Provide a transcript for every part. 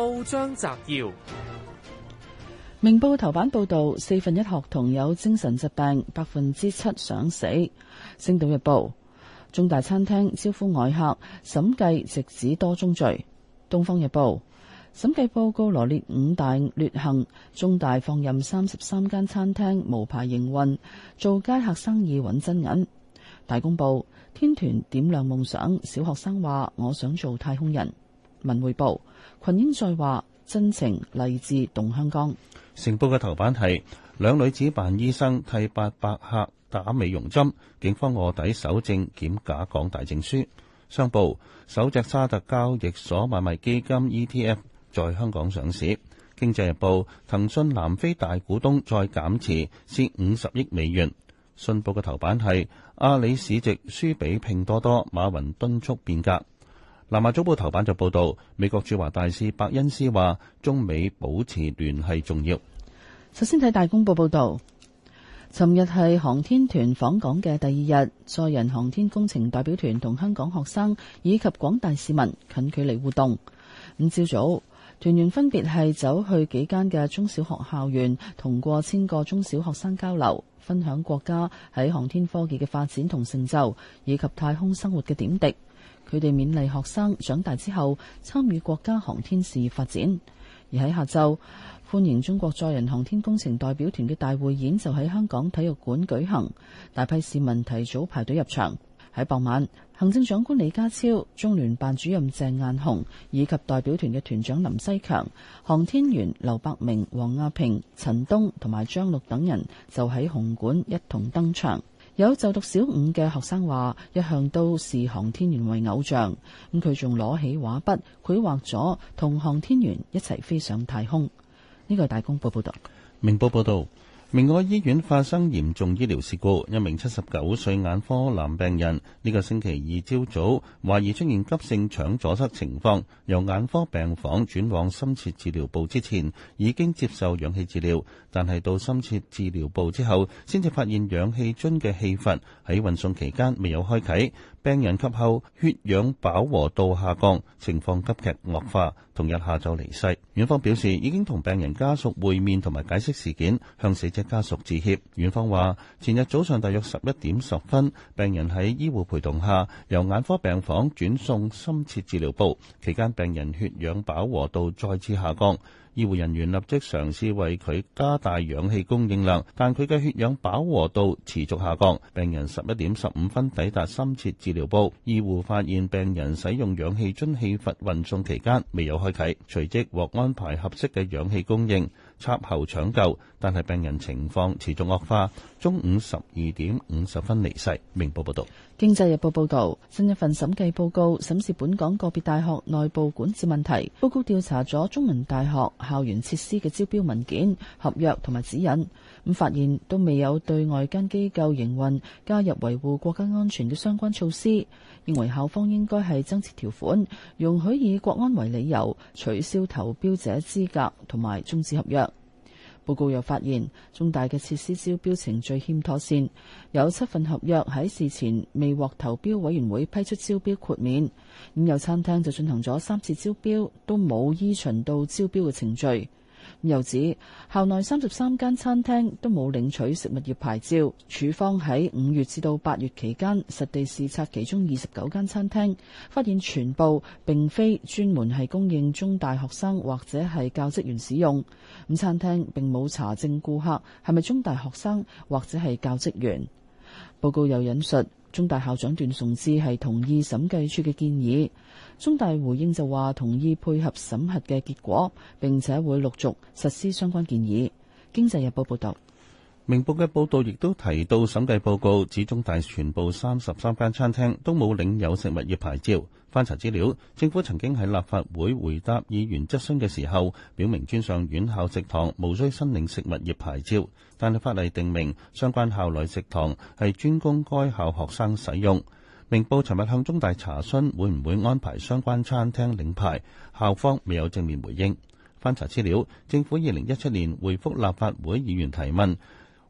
報章摘要：耀明報頭版報道，四分一學童有精神疾病，百分之七想死。星島日報：中大餐廳招呼外客，審計直指多宗罪。東方日報：審計報告羅列五大劣行，中大放任三十三間餐廳無牌營運，做街客生意揾真銀。大公報：天團點亮夢想，小學生話：我想做太空人。文匯報：群英再話真情勵志動香港。成報嘅頭版係兩女子扮醫生替八百客打美容針，警方臥底搜證檢假港大證書。商報：首隻沙特交易所買賣基金 ETF 在香港上市。經濟日報：騰訊南非大股東再減持，是五十億美元。信報嘅頭版係阿里市值輸俾拼多多，馬雲敦促變革。南華早報頭版就報道，美國駐華大使伯恩斯話：中美保持聯繫重要。首先睇大公報報道，尋日係航天團訪港嘅第二日，載人航天工程代表團同香港學生以及廣大市民近距離互動。五朝早，團員分別係走去幾間嘅中小學校園，同過千個中小學生交流，分享國家喺航天科技嘅發展同成就，以及太空生活嘅點滴。佢哋勉勵學生長大之後參與國家航天事業發展，而喺下晝歡迎中國載人航天工程代表團嘅大會演就喺香港體育館舉行，大批市民提早排隊入場。喺傍晚，行政長官李家超、中聯辦主任鄭雁雄以及代表團嘅團長林西強、航天員劉伯明、王亞平、陳冬同埋張陸等人就喺紅館一同登場。有就讀小五嘅學生話，一向都視航天員為偶像，咁佢仲攞起畫筆繪畫咗同航天員一齊飛上太空。呢個係大公報報道，明報報道。明愛醫院發生嚴重醫療事故，一名七十九歲眼科男病人，呢個星期二朝早懷疑出現急性腸阻塞情況，由眼科病房轉往深切治療部之前已經接受氧氣治療，但係到深切治療部之後，先至發現氧氣樽嘅氣閥喺運送期間未有開啟。病人吸後血氧飽和度下降，情況急劇惡化，同日下晝離世。院方表示已經同病人家屬會面同埋解釋事件，向死者家屬致歉。院方話前日早上大約十一點十分，病人喺醫護陪同下由眼科病房轉送深切治療部，期間病人血氧飽和度再次下降。醫護人員立即嘗試為佢加大氧氣供應量，但佢嘅血氧飽和度持續下降。病人十一點十五分抵達深切治療部，醫護發現病人使用氧氣樽氣閥運送期間未有開啟，隨即獲安排合適嘅氧氣供應。插喉搶救，但係病人情況持續惡化，中午十二點五十分離世。明報報道：《經濟日報》報道，新一份審計報告審視本港個別大學內部管治問題，報告調查咗中文大學校園設施嘅招標文件、合約同埋指引，咁發現都未有對外間機構營運加入維護國家安全嘅相關措施，認為校方應該係增設條款，容許以國安為理由取消投標者資格同埋終止合約。報告又發現，重大嘅設施招標程序欠妥善，有七份合約喺事前未獲投標委員會批出招標豁免。咁有餐廳就進行咗三次招標，都冇依循到招標嘅程序。又指校內三十三間餐廳都冇領取食物業牌照，署方喺五月至到八月期間實地視察其中二十九間餐廳，發現全部並非專門係供應中大學生或者係教職員使用，咁餐廳並冇查證顧客係咪中大學生或者係教職員。報告又引述。中大校長段崇智係同意審計處嘅建議，中大回應就話同意配合審核嘅結果，並且會陸續實施相關建議。經濟日報報道。明報嘅報導亦都提到，審計報告指中大全部三十三間餐廳都冇領有食物業牌照。翻查資料，政府曾經喺立法會回答議員質詢嘅時候，表明專上院校食堂無需申領食物業牌照，但係法例定明相關校內食堂係專供該校學生使用。明報尋日向中大查詢會唔會安排相關餐廳領牌，校方未有正面回應。翻查資料，政府二零一七年回覆立法會議員提問。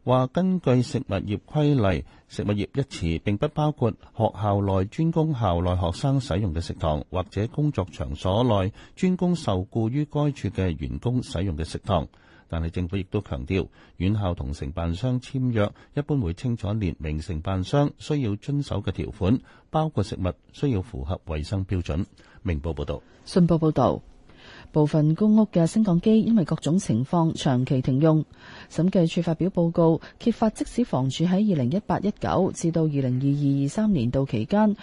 話根據食物業規例，食物業一詞並不包括學校內專供校內學生使用嘅食堂，或者工作場所內專供受僱於該處嘅員工使用嘅食堂。但係政府亦都強調，院校同承辦商簽約一般會清楚列明承辦商需要遵守嘅條款，包括食物需要符合衛生標準。明報報道。信報報道。部分公屋嘅升降機因為各種情況長期停用，審計署發表報告揭發，即使房署喺二零一八一九至到二零二二二三年度期間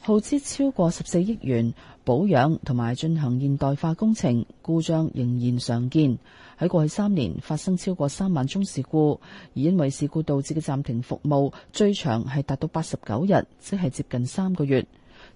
耗資超過十四億元保養同埋進行現代化工程，故障仍然常見。喺過去三年發生超過三萬宗事故，而因為事故導致嘅暫停服務最長係達到八十九日，即係接近三個月。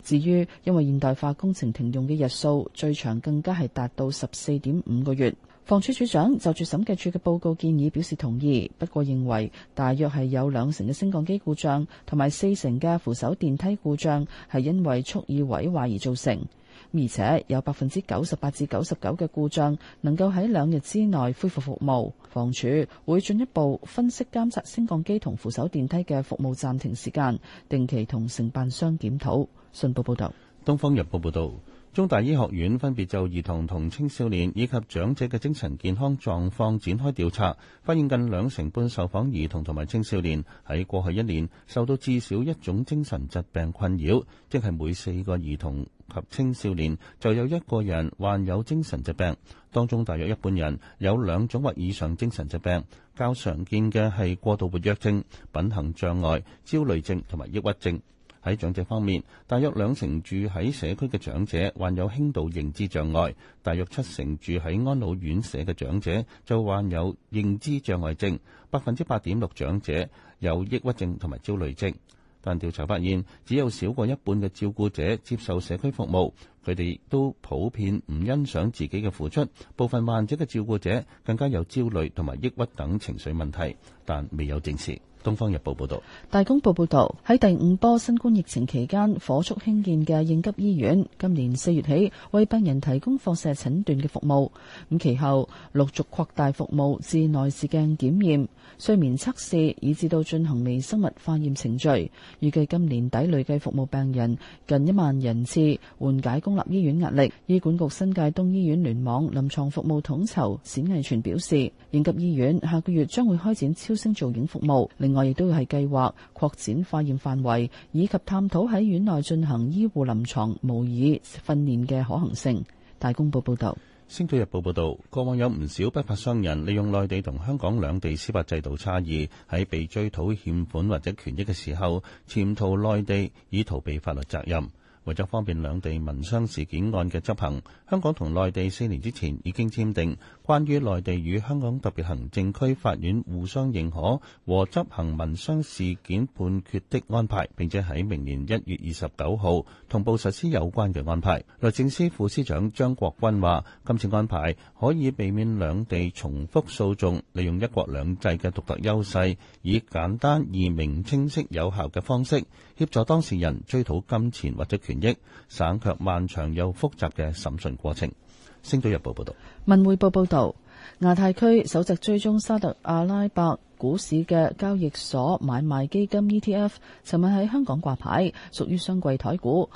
至於因為現代化工程停用嘅日數最長，更加係達到十四點五個月。房署署長就住審計處嘅報告建議表示同意，不過認為大約係有兩成嘅升降機故障同埋四成嘅扶手電梯故障係因為蓄意毀壞而造成，而且有百分之九十八至九十九嘅故障能夠喺兩日之內恢復服務。房署會進一步分析監察升降機同扶手電梯嘅服務暫停時間，定期同承辦商檢討。信報報道：《東方日報》報道，中大醫學院分別就兒童同青少年以及長者嘅精神健康狀況展開調查，發現近兩成半受訪兒童同埋青少年喺過去一年受到至少一種精神疾病困擾，即係每四個兒童及青少年就有一個人患有精神疾病。當中大約一半人有兩種或以上精神疾病，較常見嘅係過度活躍症、品行障礙、焦慮症同埋抑鬱症。喺長者方面，大約兩成住喺社區嘅長者患有輕度認知障礙，大約七成住喺安老院舍嘅長者就患有認知障礙症，百分之八點六長者有抑鬱症同埋焦慮症，但調查發現只有少過一半嘅照顧者接受社區服務。佢哋都普遍唔欣賞自己嘅付出，部分患者嘅照顧者更加有焦慮同埋抑鬱等情緒問題，但未有證實。《東方日報》報道，《大公報》報道，喺第五波新冠疫情期間火速興建嘅應急醫院，今年四月起為病人提供放射診斷嘅服務，咁其後陸續擴大服務至內視鏡檢驗、睡眠測試以至到進行微生物化驗程序。預計今年底累計服務病人近一萬人次，緩解公立醫院壓力，醫管局新界東醫院聯網臨床服務統籌冼藝全表示，應急醫院下個月將會開展超聲造影服務，另外亦都係計劃擴展化驗範圍，以及探討喺院內進行醫護臨床模擬訓練嘅可行性。大公報報道，《星島日報》報道，過往有唔少不法商人利用內地同香港兩地司法制度差異，喺被追討欠款或者權益嘅時候，潛逃內地以逃避法律責任。為咗方便兩地民商事件案嘅執行，香港同內地四年之前已經簽訂關於內地與香港特別行政區法院互相認可和執行民商事件判決的安排，並且喺明年一月二十九號同步實施有關嘅安排。律政司副司長張國鈞話：今次安排可以避免兩地重複訴訟，利用一國兩制嘅獨特優勢，以簡單易明、清晰有效嘅方式協助當事人追討金錢或者權。亦省卻漫長又複雜嘅審訊過程。星島日報報道，文匯報報道，亞太區首隻追蹤沙特阿拉伯股市嘅交易所買賣基金 ETF，尋日喺香港掛牌，屬於雙櫃台股。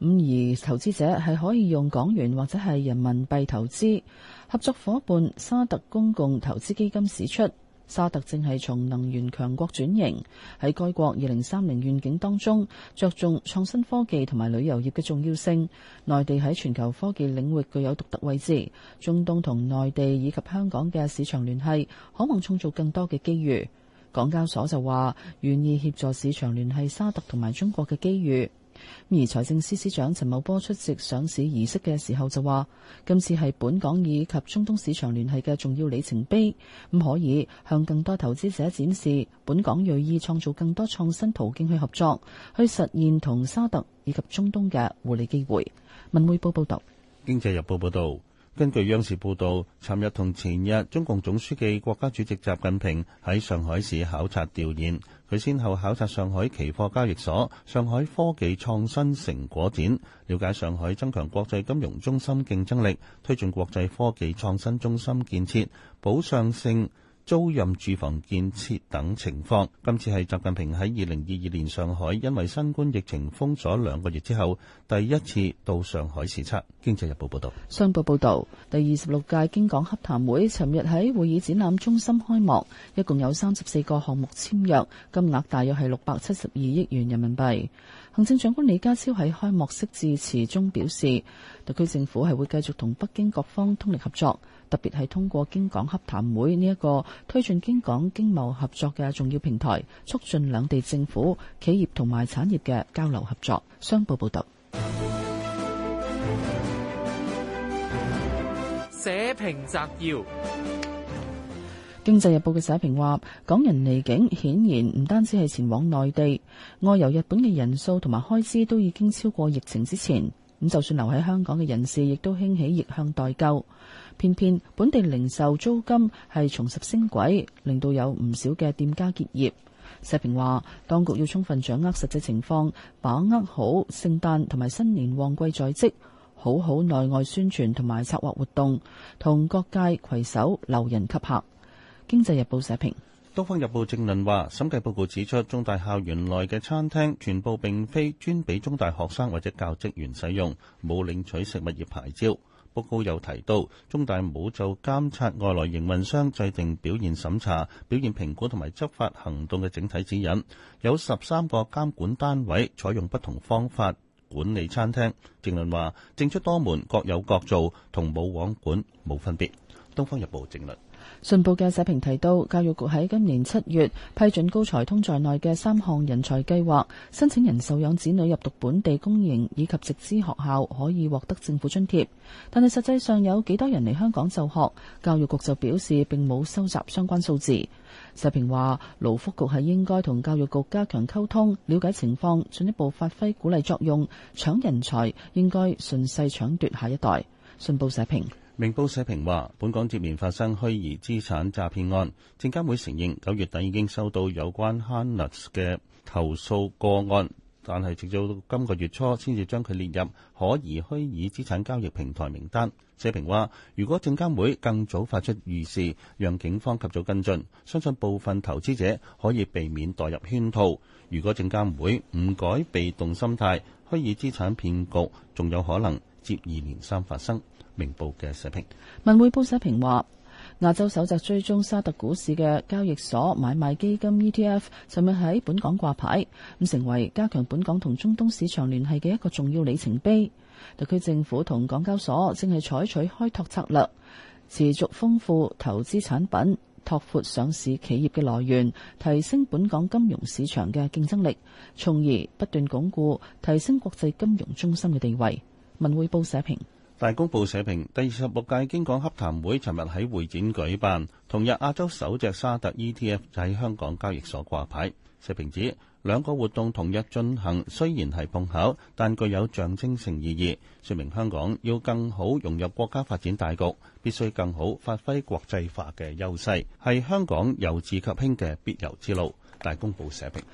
咁而投資者係可以用港元或者係人民幣投資。合作夥伴沙特公共投資基金指出，沙特正係從能源強國轉型，喺該國二零三零願景當中，着重創新科技同埋旅遊業嘅重要性。內地喺全球科技領域具有獨特位置，中東同內地以及香港嘅市場聯繫，可望創造更多嘅機遇。港交所就話願意協助市場聯繫沙特同埋中國嘅機遇。而財政司司長陳茂波出席上市儀式嘅時候就話，今次係本港以及中東市場聯繫嘅重要里程碑，咁可以向更多投資者展示本港銳意創造更多創新途徑去合作，去實現同沙特以及中東嘅互利機會。文匯報報道。經濟日報報道。根據央視報導，尋日同前日，中共總書記、國家主席習近平喺上海市考察調研，佢先後考察上海期貨交易所、上海科技創新成果展，了解上海增強國際金融中心競爭力、推進國際科技創新中心建設、保障性租賃住房建設等情況，今次係習近平喺二零二二年上海因為新冠疫情封鎖兩個月之後第一次到上海視察。經濟日報報道。商報報道。第二十六屆京港洽談會尋日喺會議展覽中心開幕，一共有三十四個項目簽約，金額大約係六百七十二億元人民幣。行政長官李家超喺開幕式致辭中表示，特區政府係會繼續同北京各方通力合作，特別係通過京港洽談會呢一個推進京港經貿合作嘅重要平台，促進兩地政府、企業同埋產業嘅交流合作。商報報道。社評摘要。《經濟日報》嘅社評話：港人離境顯然唔單止係前往內地，外遊日本嘅人數同埋開支都已經超過疫情之前。咁就算留喺香港嘅人士，亦都興起逆向代購。偏偏本地零售租金係重拾升軌，令到有唔少嘅店家結業。社評話：當局要充分掌握實際情況，把握好聖誕同埋新年旺季在即，好好內外宣傳同埋策劃活動，同各界攜手留人吸客。經濟日報社評，《東方日報》正論話：審計報告指出，中大校園內嘅餐廳全部並非專俾中大學生或者教職員使用，冇領取食物業牌照。報告又提到，中大冇就監察外來營運商制定表現審查、表現評估同埋執法行動嘅整體指引。有十三個監管單位採用不同方法管理餐廳。正論話：政出多門，各有各做，同冇網管冇分別。《東方日報》正論。信報嘅社評提到，教育局喺今年七月批准高才通在內嘅三項人才計劃，申請人受養子女入讀本地公營以及直資學校可以獲得政府津貼。但係實際上有幾多人嚟香港就學？教育局就表示並冇收集相關數字。社評話，勞福局係應該同教育局加強溝通，了解情況，進一步發揮鼓勵作用，搶人才，應該順勢搶奪下一代。信報社評。明報社評話，本港接連發生虛擬資產詐騙案，證監會承認九月底已經收到有關 HOUNAX 嘅投訴個案，但係直到今個月初先至將佢列入可疑虛擬資產交易平台名單。社評話，如果證監會更早發出預示，讓警方及早跟進，相信部分投資者可以避免墜入圈套。如果證監會唔改被動心態，虛擬資產騙局仲有可能。接二連三發生明報嘅社評，文匯報社評話：亞洲首席追蹤沙特股市嘅交易所買賣基金 ETF，尋日喺本港掛牌，咁成為加強本港同中東市場聯繫嘅一個重要里程碑。特區政府同港交所正係採取開拓策略，持續豐富投資產品，拓闊上市企業嘅來源，提升本港金融市場嘅競爭力，從而不斷鞏固提升國際金融中心嘅地位。文匯報社評，大公報社評，第二十六屆京港洽談會尋日喺會展舉辦，同日亞洲首隻沙特 ETF 喺香港交易所掛牌。社評指兩個活動同日進行，雖然係碰巧，但具有象徵性意義，說明香港要更好融入國家發展大局，必須更好發揮國際化嘅優勢，係香港由治及興嘅必由之路。大公報社評。